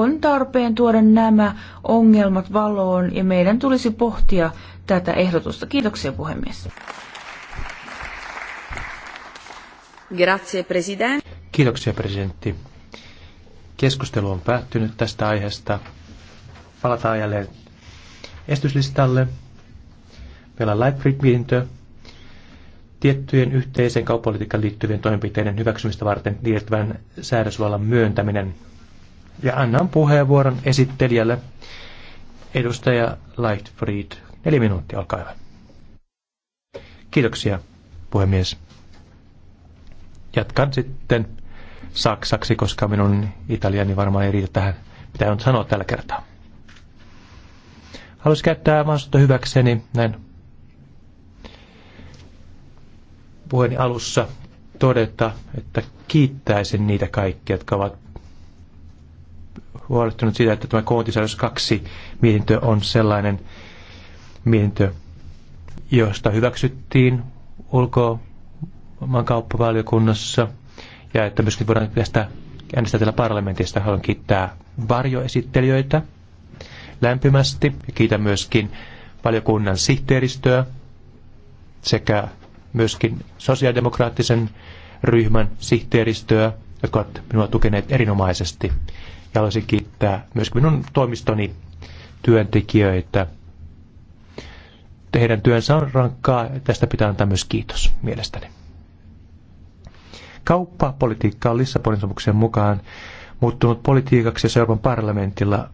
on tarpeen tuoda nämä ongelmat valoon ja meidän tulisi pohtia tätä ehdotusta. Kiitoksia puhemies. Grazie, president. Kiitoksia presidentti. Keskustelu on päättynyt tästä aiheesta. Palataan jälleen estyslistalle. Meillä on Leipzig-mietintö tiettyjen yhteiseen kauppapolitiikkaan liittyvien toimenpiteiden hyväksymistä varten liittyvän säädösvallan myöntäminen. Ja annan puheenvuoron esittelijälle, edustaja Lightfried. Neljä minuuttia, olkaa hyvä. Kiitoksia, puhemies. Jatkan sitten saksaksi, koska minun italiani varmaan ei riitä tähän, mitä on sanoa tällä kertaa. Haluaisin käyttää mahdollisuutta hyväkseni näin puheeni alussa todeta, että kiittäisin niitä kaikkia, jotka ovat huolestunut siitä, että tämä koontisäädös 2 mietintö on sellainen mietintö, josta hyväksyttiin ulkomaan kauppavaliokunnassa ja että myöskin voidaan tästä äänestää täällä parlamentista. Haluan kiittää varjoesittelijöitä lämpimästi ja kiitän myöskin valiokunnan sihteeristöä sekä myöskin sosiaalidemokraattisen ryhmän sihteeristöä, jotka ovat minua tukeneet erinomaisesti ja haluaisin kiittää myös minun toimistoni työntekijöitä. Heidän työnsä on rankkaa, tästä pitää antaa myös kiitos mielestäni. Kauppapolitiikka on Lissabonin sopimuksen mukaan muuttunut politiikaksi, ja Euroopan parlamentilla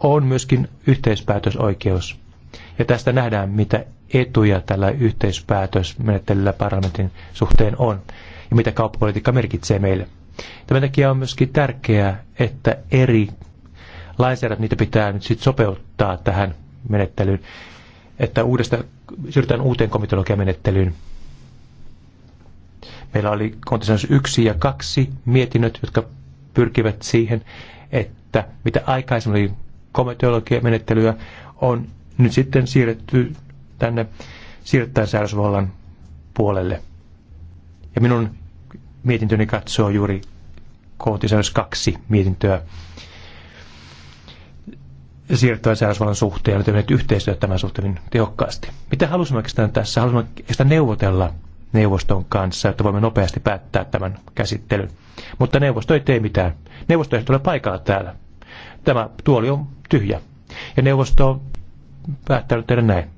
on myöskin yhteispäätösoikeus. Ja tästä nähdään, mitä etuja tällä yhteispäätösmenettelyllä parlamentin suhteen on ja mitä kauppapolitiikka merkitsee meille. Tämän takia on myöskin tärkeää, että eri lainsäädännöt, niitä pitää nyt sit sopeuttaa tähän menettelyyn, että uudesta, siirrytään uuteen komitologiamenettelyyn. Meillä oli kontisensus yksi ja kaksi mietinnöt, jotka pyrkivät siihen, että mitä aikaisemmin oli komiteologiamenettelyä, on nyt sitten siirretty tänne siirrettäen säädösvallan puolelle. Ja minun mietintöni katsoo juuri kootisäännös kaksi mietintöä siirrettävän säädösvallan suhteen ja olemme tehneet yhteistyötä tämän suhteen niin tehokkaasti. Mitä halusimme oikeastaan tässä? Halusimme oikeastaan neuvotella neuvoston kanssa, että voimme nopeasti päättää tämän käsittelyn. Mutta neuvosto ei tee mitään. Neuvosto ei ole paikalla täällä. Tämä tuoli on tyhjä. Ja neuvosto on päättänyt tehdä näin.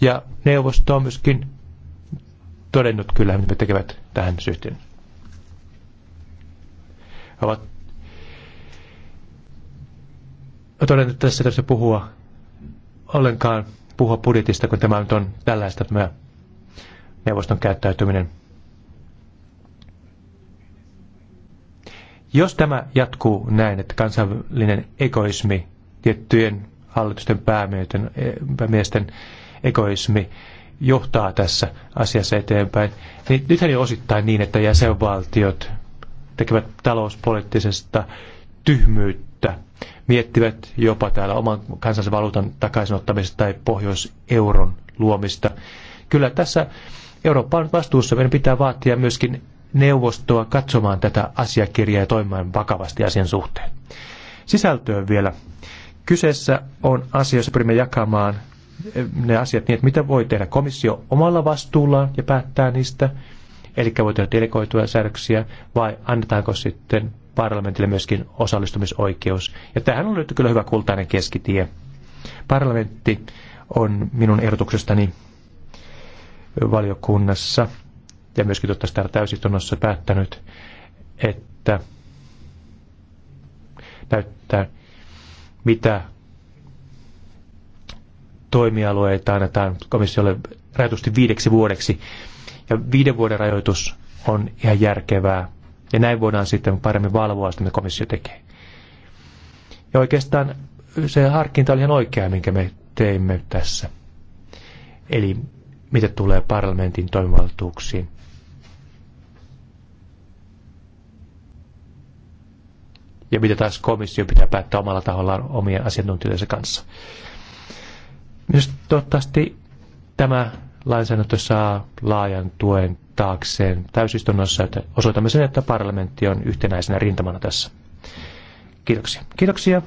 Ja neuvosto on myöskin todennut kyllä, mitä tekevät tähän syhteen ovat todennut, että tässä tässä puhua ollenkaan puhua budjetista, kun tämä nyt on tällaista tämä neuvoston käyttäytyminen. Jos tämä jatkuu näin, että kansainvälinen egoismi, tiettyjen hallitusten päämiesten, päämiesten egoismi johtaa tässä asiassa eteenpäin, niin nythän jo osittain niin, että jäsenvaltiot tekevät talouspoliittisesta tyhmyyttä, miettivät jopa täällä oman kansallisen valuutan takaisinottamista tai pohjoiseuron luomista. Kyllä tässä Eurooppa on vastuussa. Meidän pitää vaatia myöskin neuvostoa katsomaan tätä asiakirjaa ja toimimaan vakavasti asian suhteen. Sisältöön vielä. Kyseessä on asia, jossa pyrimme jakamaan ne asiat niin, että mitä voi tehdä komissio omalla vastuullaan ja päättää niistä – eli voi tehdä delegoituja säädöksiä, vai annetaanko sitten parlamentille myöskin osallistumisoikeus. Ja tähän on löytynyt kyllä hyvä kultainen keskitie. Parlamentti on minun ehdotuksestani valiokunnassa ja myöskin totta täällä täysistunnossa päättänyt, että näyttää, mitä toimialueita annetaan komissiolle rajoitusti viideksi vuodeksi ja viiden vuoden rajoitus on ihan järkevää. Ja näin voidaan sitten paremmin valvoa sitä, mitä komissio tekee. Ja oikeastaan se harkinta oli ihan oikea, minkä me teimme tässä. Eli mitä tulee parlamentin toimivaltuuksiin. Ja mitä taas komissio pitää päättää omalla tahollaan omien asiantuntijoidensa kanssa. Minusta toivottavasti tämä lainsäädäntö saa laajan tuen taakseen täysistunnossa, että osoitamme sen, että parlamentti on yhtenäisenä rintamana tässä. Kiitoksia. Kiitoksia.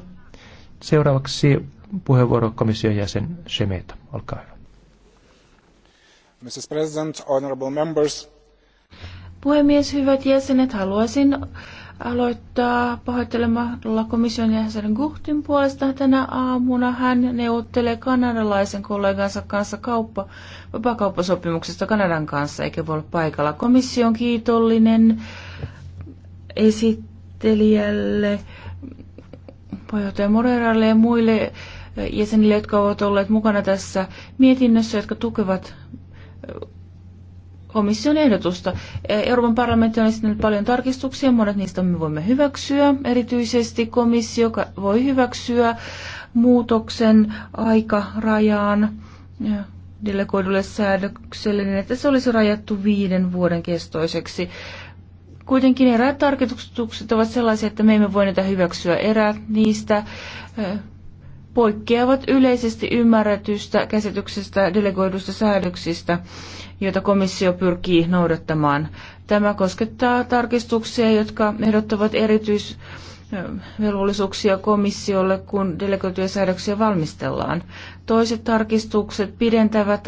Seuraavaksi puheenvuoro komission jäsen Shemeta. Olkaa hyvä. Mrs. President, honorable members. Puhemies, hyvät jäsenet, haluaisin aloittaa pahoittelemalla komission jäsenen Guhtin puolesta tänä aamuna. Hän neuvottelee kanadalaisen kollegansa kanssa kauppa, vapakauppasopimuksesta Kanadan kanssa, eikä voi olla paikalla. Komissio on kiitollinen esittelijälle, puheenjohtaja Moreralle ja muille jäsenille, jotka ovat olleet mukana tässä mietinnössä, jotka tukevat komission ehdotusta. E, Euroopan parlamentti on esittänyt paljon tarkistuksia, monet niistä me voimme hyväksyä. Erityisesti komissio voi hyväksyä muutoksen aikarajaan e, delegoidulle säädökselle, niin että se olisi rajattu viiden vuoden kestoiseksi. Kuitenkin eräät tarkistukset ovat sellaisia, että me emme voi niitä hyväksyä. Eräät niistä e, poikkeavat yleisesti ymmärretystä käsityksestä delegoidusta säädöksistä, joita komissio pyrkii noudattamaan. Tämä koskettaa tarkistuksia, jotka ehdottavat erityis velvollisuuksia komissiolle, kun delegoituja säädöksiä valmistellaan. Toiset tarkistukset pidentävät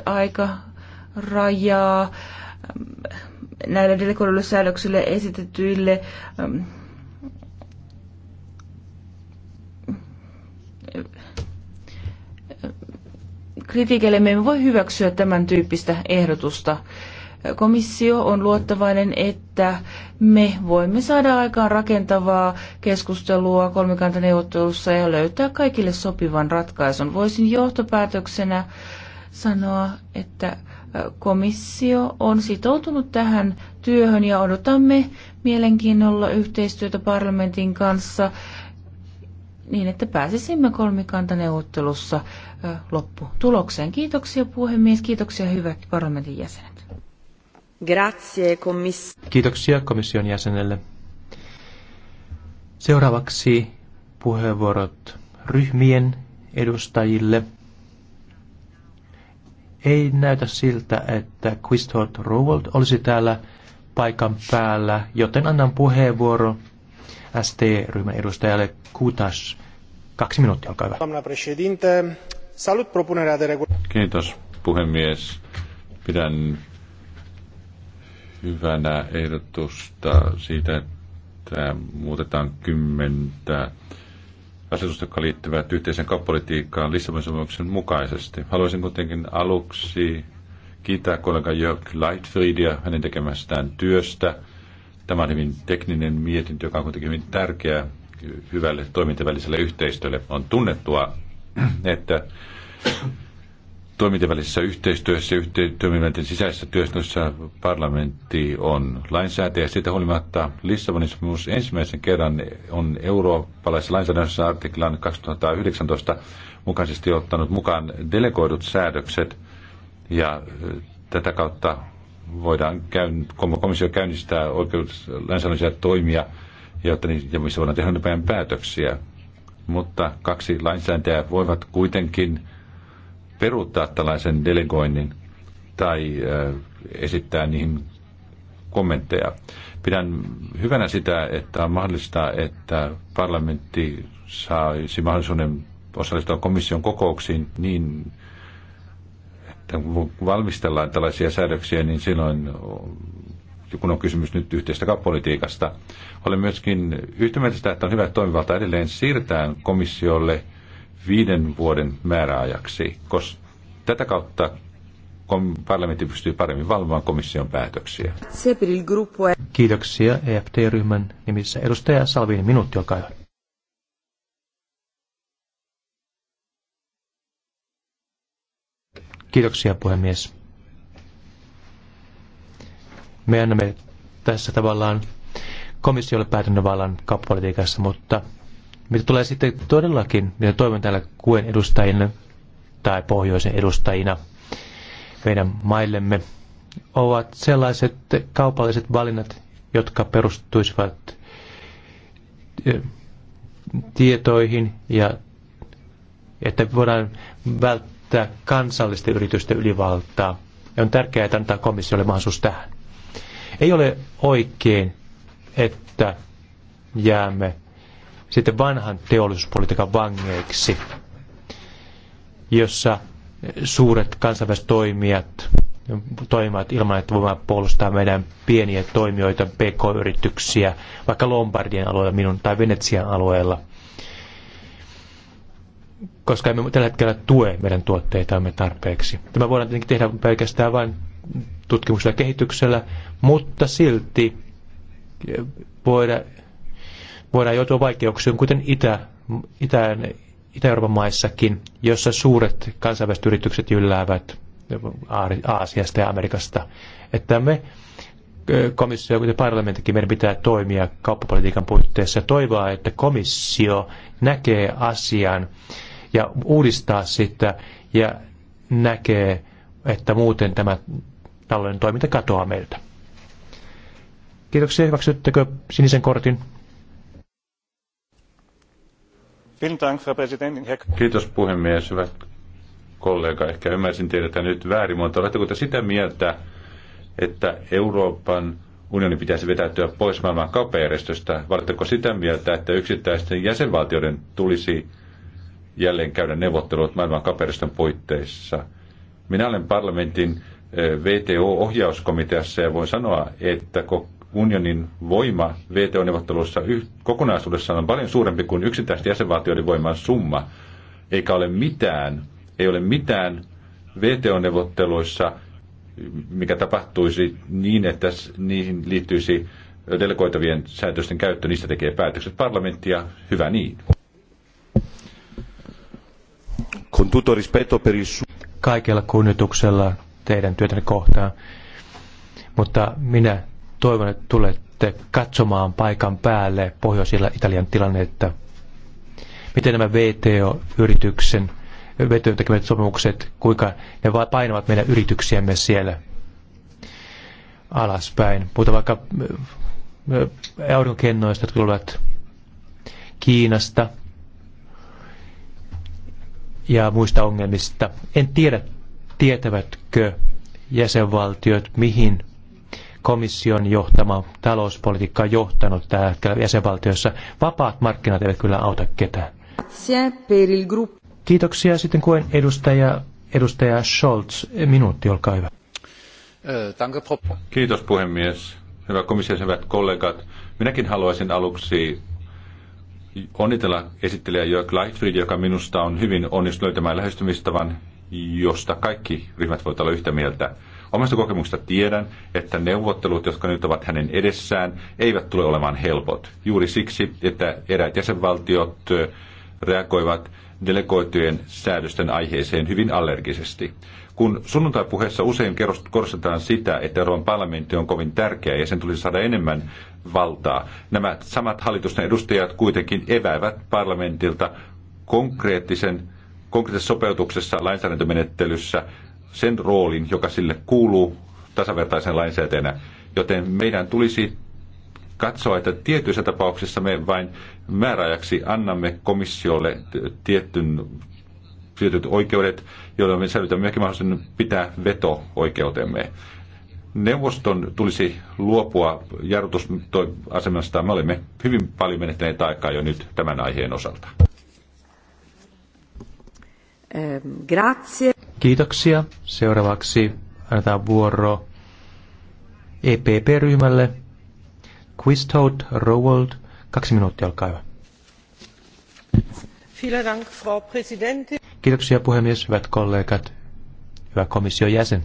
rajaa näille delegoiduille säädöksille esitetyille kritiikille. Me emme voi hyväksyä tämän tyyppistä ehdotusta. Komissio on luottavainen, että me voimme saada aikaan rakentavaa keskustelua kolmikantaneuvottelussa ja löytää kaikille sopivan ratkaisun. Voisin johtopäätöksenä sanoa, että komissio on sitoutunut tähän työhön ja odotamme mielenkiinnolla yhteistyötä parlamentin kanssa niin, että pääsisimme kolmikantaneuvottelussa lopputulokseen. Kiitoksia puhemies, kiitoksia hyvät parlamentin jäsenet. Grazie, komiss- Kiitoksia komission jäsenelle. Seuraavaksi puheenvuorot ryhmien edustajille. Ei näytä siltä, että Quistot Rowold olisi täällä paikan päällä, joten annan puheenvuoro. ST-ryhmän edustajalle Kutas. Kaksi minuuttia, olkaa hyvä. Salut propunerea de Kiitos, puhemies. Pidän hyvänä ehdotusta siitä, että muutetaan kymmentä asetusta, jotka liittyvät yhteisen kauppapolitiikkaan Lissabonin mukaisesti. Haluaisin kuitenkin aluksi kiittää kollega Jörg Leitfriedia hänen tekemästään työstä – Tämä on hyvin tekninen mietintö, joka on kuitenkin hyvin tärkeä hyvälle toimintaväliselle yhteistyölle. On tunnettua, että toimintavälisessä yhteistyössä ja toimintavälisessä sisäisessä työstössä parlamentti on lainsäätäjä. Siitä huolimatta Lissabonin sopimus ensimmäisen kerran on eurooppalaisessa lainsäädännössä artiklan 2019 mukaisesti ottanut mukaan delegoidut säädökset ja tätä kautta voidaan käyn, komissio käynnistää oikeus, lainsäädännöllisiä toimia, jotta ja missä voidaan tehdä nopean päätöksiä. Mutta kaksi lainsäätäjää voivat kuitenkin peruuttaa tällaisen delegoinnin tai äh, esittää niihin kommentteja. Pidän hyvänä sitä, että on mahdollista, että parlamentti saisi mahdollisuuden osallistua komission kokouksiin niin että kun valmistellaan tällaisia säädöksiä, niin silloin kun on kysymys nyt yhteistä kauppapolitiikasta. Olen myöskin yhtä mieltä että on hyvä toimivalta edelleen siirtää komissiolle viiden vuoden määräajaksi, koska tätä kautta parlamentti pystyy paremmin valvomaan komission päätöksiä. E. Kiitoksia EFT-ryhmän nimissä. Edustaja Salvini, minuutti, olkaa hyvä. Kiitoksia puhemies. Me annamme tässä tavallaan komissiolle päätännönvallan kauppapolitiikassa, mutta mitä tulee sitten todellakin, mitä toivon täällä kuen edustajina tai pohjoisen edustajina meidän maillemme, ovat sellaiset kaupalliset valinnat, jotka perustuisivat tietoihin ja että voidaan välttää käyttää kansallisten yritysten ylivaltaa. Ja on tärkeää, että antaa komissiolle mahdollisuus tähän. Ei ole oikein, että jäämme sitten vanhan teollisuuspolitiikan vangeiksi, jossa suuret kansainväliset toimijat toimivat ilman, että voimme puolustaa meidän pieniä toimijoita, pk-yrityksiä, vaikka Lombardien alueella minun tai Venetsian alueella – koska emme tällä hetkellä tue meidän tuotteitamme tarpeeksi. Tämä voidaan tietenkin tehdä pelkästään vain tutkimuksella ja kehityksellä, mutta silti voida, voidaan joutua vaikeuksiin, kuten Itä, Itä, Itä-Euroopan maissakin, jossa suuret kansainväliset yritykset jylläävät Aasiasta ja Amerikasta. Että me komissio, kuten parlamenttikin, meidän pitää toimia kauppapolitiikan puitteissa ja toivoa, että komissio näkee asian ja uudistaa sitä ja näkee, että muuten tämä tällainen toiminta katoaa meiltä. Kiitoksia. Hyväksyttekö sinisen kortin? Kiitos puhemies. Hyvä kollega, ehkä ymmärsin teidät nyt väärin, mutta oletteko te sitä mieltä, että Euroopan unioni pitäisi vetäytyä pois maailman kauppajärjestöstä? Oletteko sitä mieltä, että yksittäisten jäsenvaltioiden tulisi jälleen käydä neuvottelut maailman kaperiston puitteissa. Minä olen parlamentin eh, VTO-ohjauskomiteassa ja voin sanoa, että unionin voima VTO-neuvottelussa kokonaisuudessaan on paljon suurempi kuin yksittäisten jäsenvaltioiden voiman summa, eikä ole mitään, ei ole mitään VTO-neuvotteluissa, mikä tapahtuisi niin, että niihin liittyisi delegoitavien säätösten käyttö, niistä tekee päätökset parlamenttia. hyvä niin. Con tutto rispetto per il Kaikella kunnioituksella teidän työtänne kohtaan. Mutta minä toivon, että tulette katsomaan paikan päälle Pohjois-Italian tilannetta. Miten nämä VTO-yrityksen vetyön tekemät sopimukset, kuinka ne painavat meidän yrityksiämme siellä alaspäin. mutta vaikka aurinkokennoista, tulevat Kiinasta – ja muista ongelmista. En tiedä, tietävätkö jäsenvaltiot, mihin komission johtama talouspolitiikka on johtanut tällä hetkellä jäsenvaltioissa. Vapaat markkinat eivät kyllä auta ketään. Kiitoksia. Sitten kuin edustaja, edustaja Scholz. Minuutti, olkaa hyvä. Kiitos puhemies. Hyvä komissio, hyvät kollegat. Minäkin haluaisin aluksi onnitella esittelijä Jörg Leichtfried, joka minusta on hyvin onnistunut löytämään lähestymistavan, josta kaikki ryhmät voivat olla yhtä mieltä. Omasta kokemuksesta tiedän, että neuvottelut, jotka nyt ovat hänen edessään, eivät tule olemaan helpot. Juuri siksi, että eräät jäsenvaltiot reagoivat delegoitujen säädösten aiheeseen hyvin allergisesti. Kun sunnuntai sunnuntai-puheessa usein korostetaan sitä, että Euroopan parlamentti on kovin tärkeä ja sen tulisi saada enemmän valtaa, nämä samat hallitusten edustajat kuitenkin eväävät parlamentilta konkreettisen, konkreettisessa sopeutuksessa lainsäädäntömenettelyssä sen roolin, joka sille kuuluu tasavertaisen lainsäätäjänä. Joten meidän tulisi katsoa, että tietyissä tapauksissa me vain määräajaksi annamme komissiolle tietyn tietyt oikeudet, joilla me säilytämme ehkä mahdollisuuden pitää veto-oikeutemme. Neuvoston tulisi luopua jarrutusasemasta. Me olemme hyvin paljon menettäneet aikaa jo nyt tämän aiheen osalta. Ehm, Kiitoksia. Seuraavaksi annetaan vuoro EPP-ryhmälle. Quistout Rowold, kaksi minuuttia, olkaa hyvä. Kiitoksia puhemies, hyvät kollegat, hyvä komission jäsen.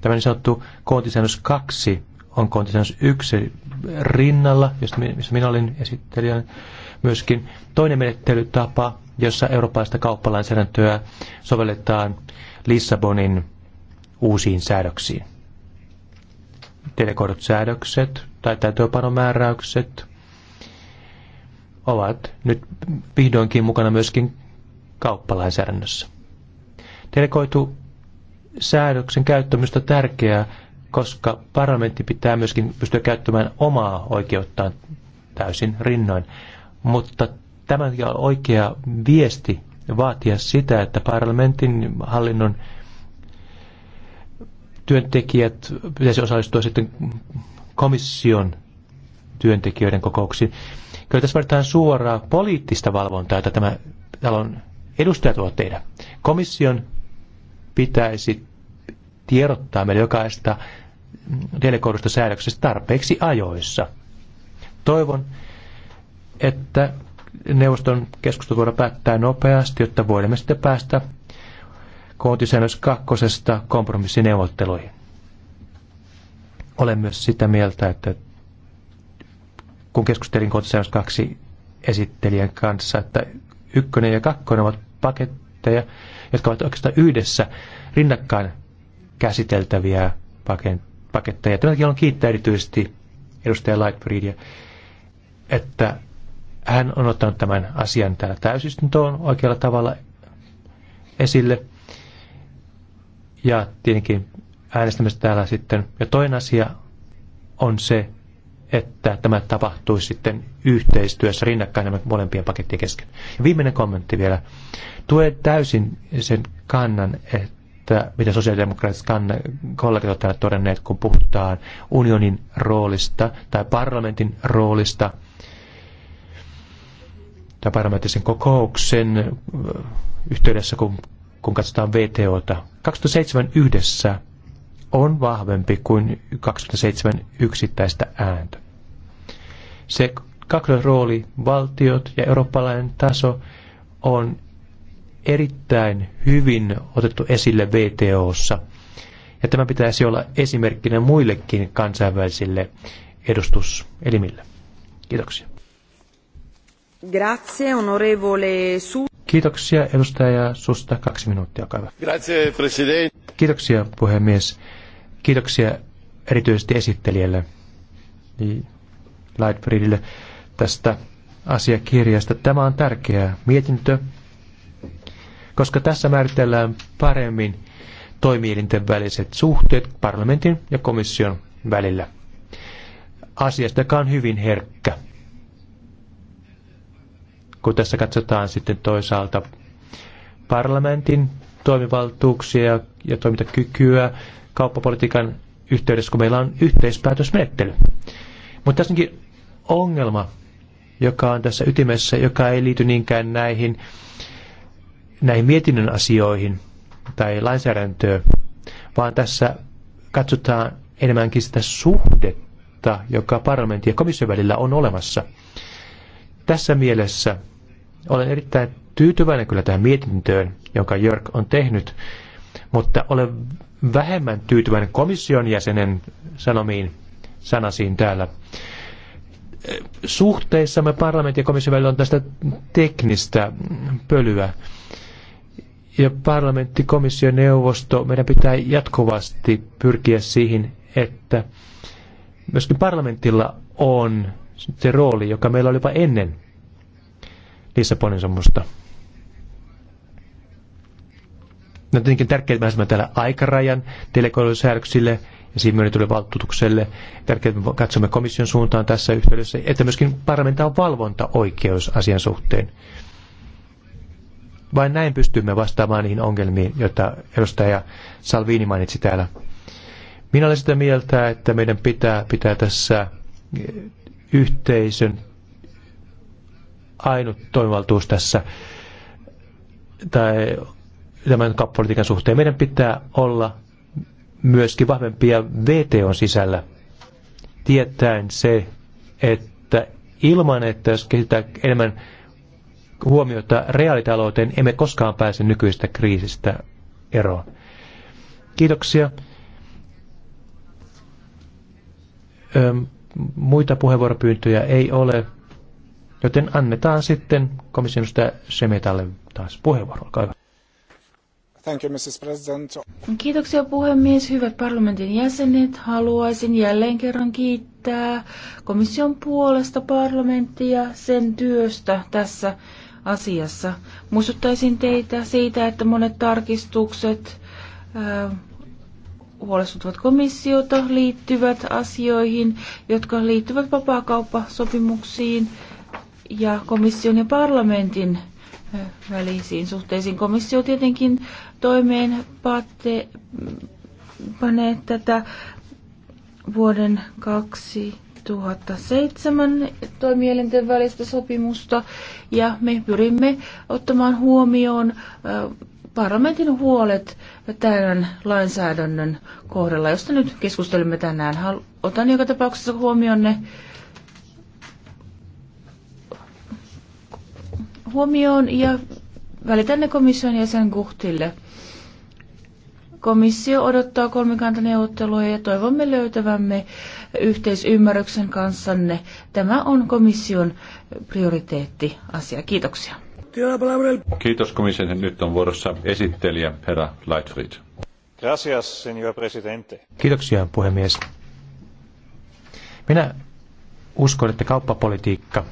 Tämä niin sanottu koontisäännös 2 on koontisäännös 1 rinnalla, josta minä olin esittelijän myöskin. Toinen menettelytapa, jossa eurooppalaista kauppalainsäädäntöä sovelletaan Lissabonin uusiin säädöksiin. Delegoidut säädökset tai täytöpanomääräykset – ovat nyt vihdoinkin mukana myöskin kauppalainsäädännössä. Delegoitu säädöksen käyttämistä on tärkeää, koska parlamentti pitää myöskin pystyä käyttämään omaa oikeuttaan täysin rinnoin. Mutta tämä on oikea viesti vaatia sitä, että parlamentin hallinnon työntekijät pitäisi osallistua sitten komission työntekijöiden kokouksiin. Kyllä tässä vaaditaan suoraa poliittista valvontaa, jota tämä talon edustajat voivat tehdä. Komission pitäisi tiedottaa meille jokaista delegoidusta säädöksestä tarpeeksi ajoissa. Toivon, että neuvoston keskustelu voidaan päättää nopeasti, jotta voimme sitten päästä koontisäännös kakkosesta kompromissineuvotteluihin. Olen myös sitä mieltä, että kun keskustelin Kotsajos kaksi esittelijän kanssa, että ykkönen ja kakkonen ovat paketteja, jotka ovat oikeastaan yhdessä rinnakkain käsiteltäviä paketteja. Tämän on kiittää erityisesti edustaja Lightbreedia, että hän on ottanut tämän asian täällä täysistuntoon oikealla tavalla esille. Ja tietenkin äänestämistä täällä sitten. Ja toinen asia on se, että tämä tapahtuisi sitten yhteistyössä rinnakkain nämä molempien pakettien kesken. Ja viimeinen kommentti vielä. Tue täysin sen kannan, että mitä sosiaalidemokraattiset kollegat ovat täällä todenneet, kun puhutaan unionin roolista tai parlamentin roolista tai parlamenttisen kokouksen äh, yhteydessä, kun, kun katsotaan VTOta. 2007 yhdessä on vahvempi kuin 27 yksittäistä ääntä se kaksoisrooli, valtiot ja eurooppalainen taso on erittäin hyvin otettu esille VTOssa. Ja tämä pitäisi olla esimerkkinä muillekin kansainvälisille edustuselimille. Kiitoksia. Grazie, onorevole Su. Kiitoksia edustaja Susta. Kaksi minuuttia, olkaa Grazie, president. Kiitoksia puhemies. Kiitoksia erityisesti esittelijälle Lightfriedille tästä asiakirjasta. Tämä on tärkeä mietintö, koska tässä määritellään paremmin toimielinten väliset suhteet parlamentin ja komission välillä. Asiasta, joka on hyvin herkkä. Kun tässä katsotaan sitten toisaalta parlamentin toimivaltuuksia ja toimintakykyä kauppapolitiikan yhteydessä, kun meillä on yhteispäätösmenettely. Mutta tässä onkin ongelma, joka on tässä ytimessä, joka ei liity niinkään näihin, näihin mietinnön asioihin tai lainsäädäntöön, vaan tässä katsotaan enemmänkin sitä suhdetta, joka parlamentin ja komission välillä on olemassa. Tässä mielessä olen erittäin tyytyväinen kyllä tähän mietintöön, jonka Jörg on tehnyt, mutta olen vähemmän tyytyväinen komission jäsenen sanomiin sanasiin täällä. Suhteissamme parlamentin ja komission välillä on tästä teknistä pölyä. Ja parlamentti, komissio, neuvosto, meidän pitää jatkuvasti pyrkiä siihen, että myöskin parlamentilla on se rooli, joka meillä oli jopa ennen Lissabonin sopimusta. No tietenkin tärkeää, että täällä aikarajan delegoidulle ja siinä myönnetylle valtuutukselle. Tärkeää, että katsomme komission suuntaan tässä yhteydessä, että myöskin parlamentaa on valvontaoikeus asian suhteen. Vain näin pystymme vastaamaan niihin ongelmiin, joita edustaja Salvini mainitsi täällä. Minä olen sitä mieltä, että meidän pitää, pitää tässä eh, yhteisön ainut toimivaltuus tässä tai tämän kappolitiikan suhteen. Meidän pitää olla myöskin vahvempia VTOn sisällä, tietäen se, että ilman, että jos kehitetään enemmän huomiota reaalitalouteen, emme koskaan pääse nykyistä kriisistä eroon. Kiitoksia. Öm, muita puheenvuoropyyntöjä ei ole, joten annetaan sitten komission Semetalle taas puheenvuoro. Olkaa hyvä. Thank you, Mrs. President. Kiitoksia puhemies. Hyvät parlamentin jäsenet, haluaisin jälleen kerran kiittää komission puolesta parlamenttia sen työstä tässä asiassa. Muistuttaisin teitä siitä, että monet tarkistukset äh, huolestuttavat komissiota liittyvät asioihin, jotka liittyvät vapaakauppasopimuksiin. sopimuksiin ja komission ja parlamentin välisiin suhteisiin. Komissio tietenkin toimeen paatte, panee tätä vuoden 2007 toimielinten välistä sopimusta ja me pyrimme ottamaan huomioon parlamentin huolet tämän lainsäädännön kohdalla, josta nyt keskustelemme tänään. Otan joka tapauksessa huomioon ne huomioon ja välitänne komission jäsen Guhtille. Komissio odottaa kolmikantaneuvottelua ja toivomme löytävämme yhteisymmärryksen kanssanne. Tämä on komission asia. Kiitoksia. Kiitos komission. Nyt on vuorossa esittelijä herra Lightfried. Gracias, señor presidente. Kiitoksia, puhemies. Minä uskon, että kauppapolitiikka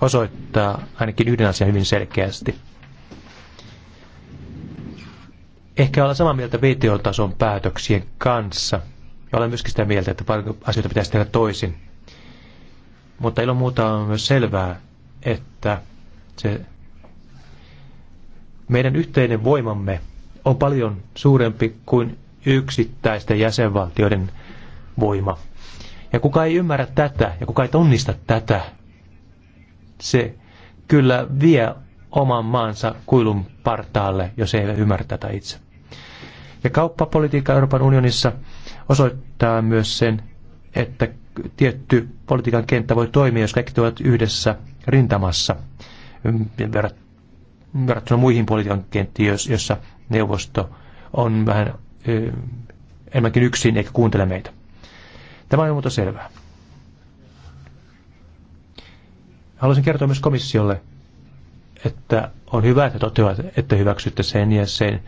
osoittaa ainakin yhden asian hyvin selkeästi. Ehkä olla samaa mieltä VTO-tason päätöksien kanssa. Ja olen myöskin sitä mieltä, että paljon asioita pitäisi tehdä toisin. Mutta ilman muuta on myös selvää, että se meidän yhteinen voimamme on paljon suurempi kuin yksittäisten jäsenvaltioiden voima. Ja kuka ei ymmärrä tätä ja kuka ei tunnista tätä, se kyllä vie oman maansa kuilun partaalle, jos ei ymmärrä tätä itse. Ja kauppapolitiikka Euroopan unionissa osoittaa myös sen, että tietty politiikan kenttä voi toimia, jos kaikki ovat yhdessä rintamassa mm, verrattuna muihin politiikan kenttiin, jossa neuvosto on vähän enemmänkin yksin eikä kuuntele meitä. Tämä on muuta selvää. Haluaisin kertoa myös komissiolle, että on hyvä, että toteavat, että hyväksytte sen ja sen,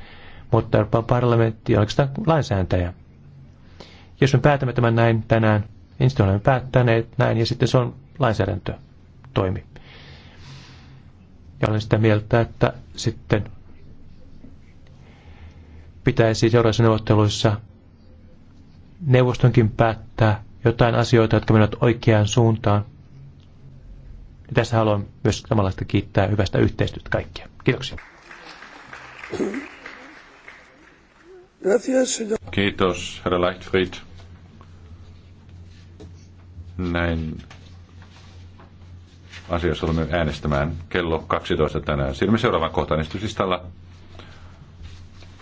mutta Euroopan parlamentti on oikeastaan lainsääntäjä. Jos me päätämme tämän näin tänään, ensin olemme päättäneet näin ja sitten se on toimi. Ja olen sitä mieltä, että sitten pitäisi seuraavissa neuvotteluissa neuvostonkin päättää jotain asioita, jotka menevät oikeaan suuntaan. Ja tässä haluan myös samanlaista kiittää hyvästä yhteistyötä kaikkia. Kiitoksia. Kiitos, herra Leichtfried. Näin asioissa olemme äänestämään kello 12 tänään. Siirrymme seuraavaan kohtaan esityslistalla.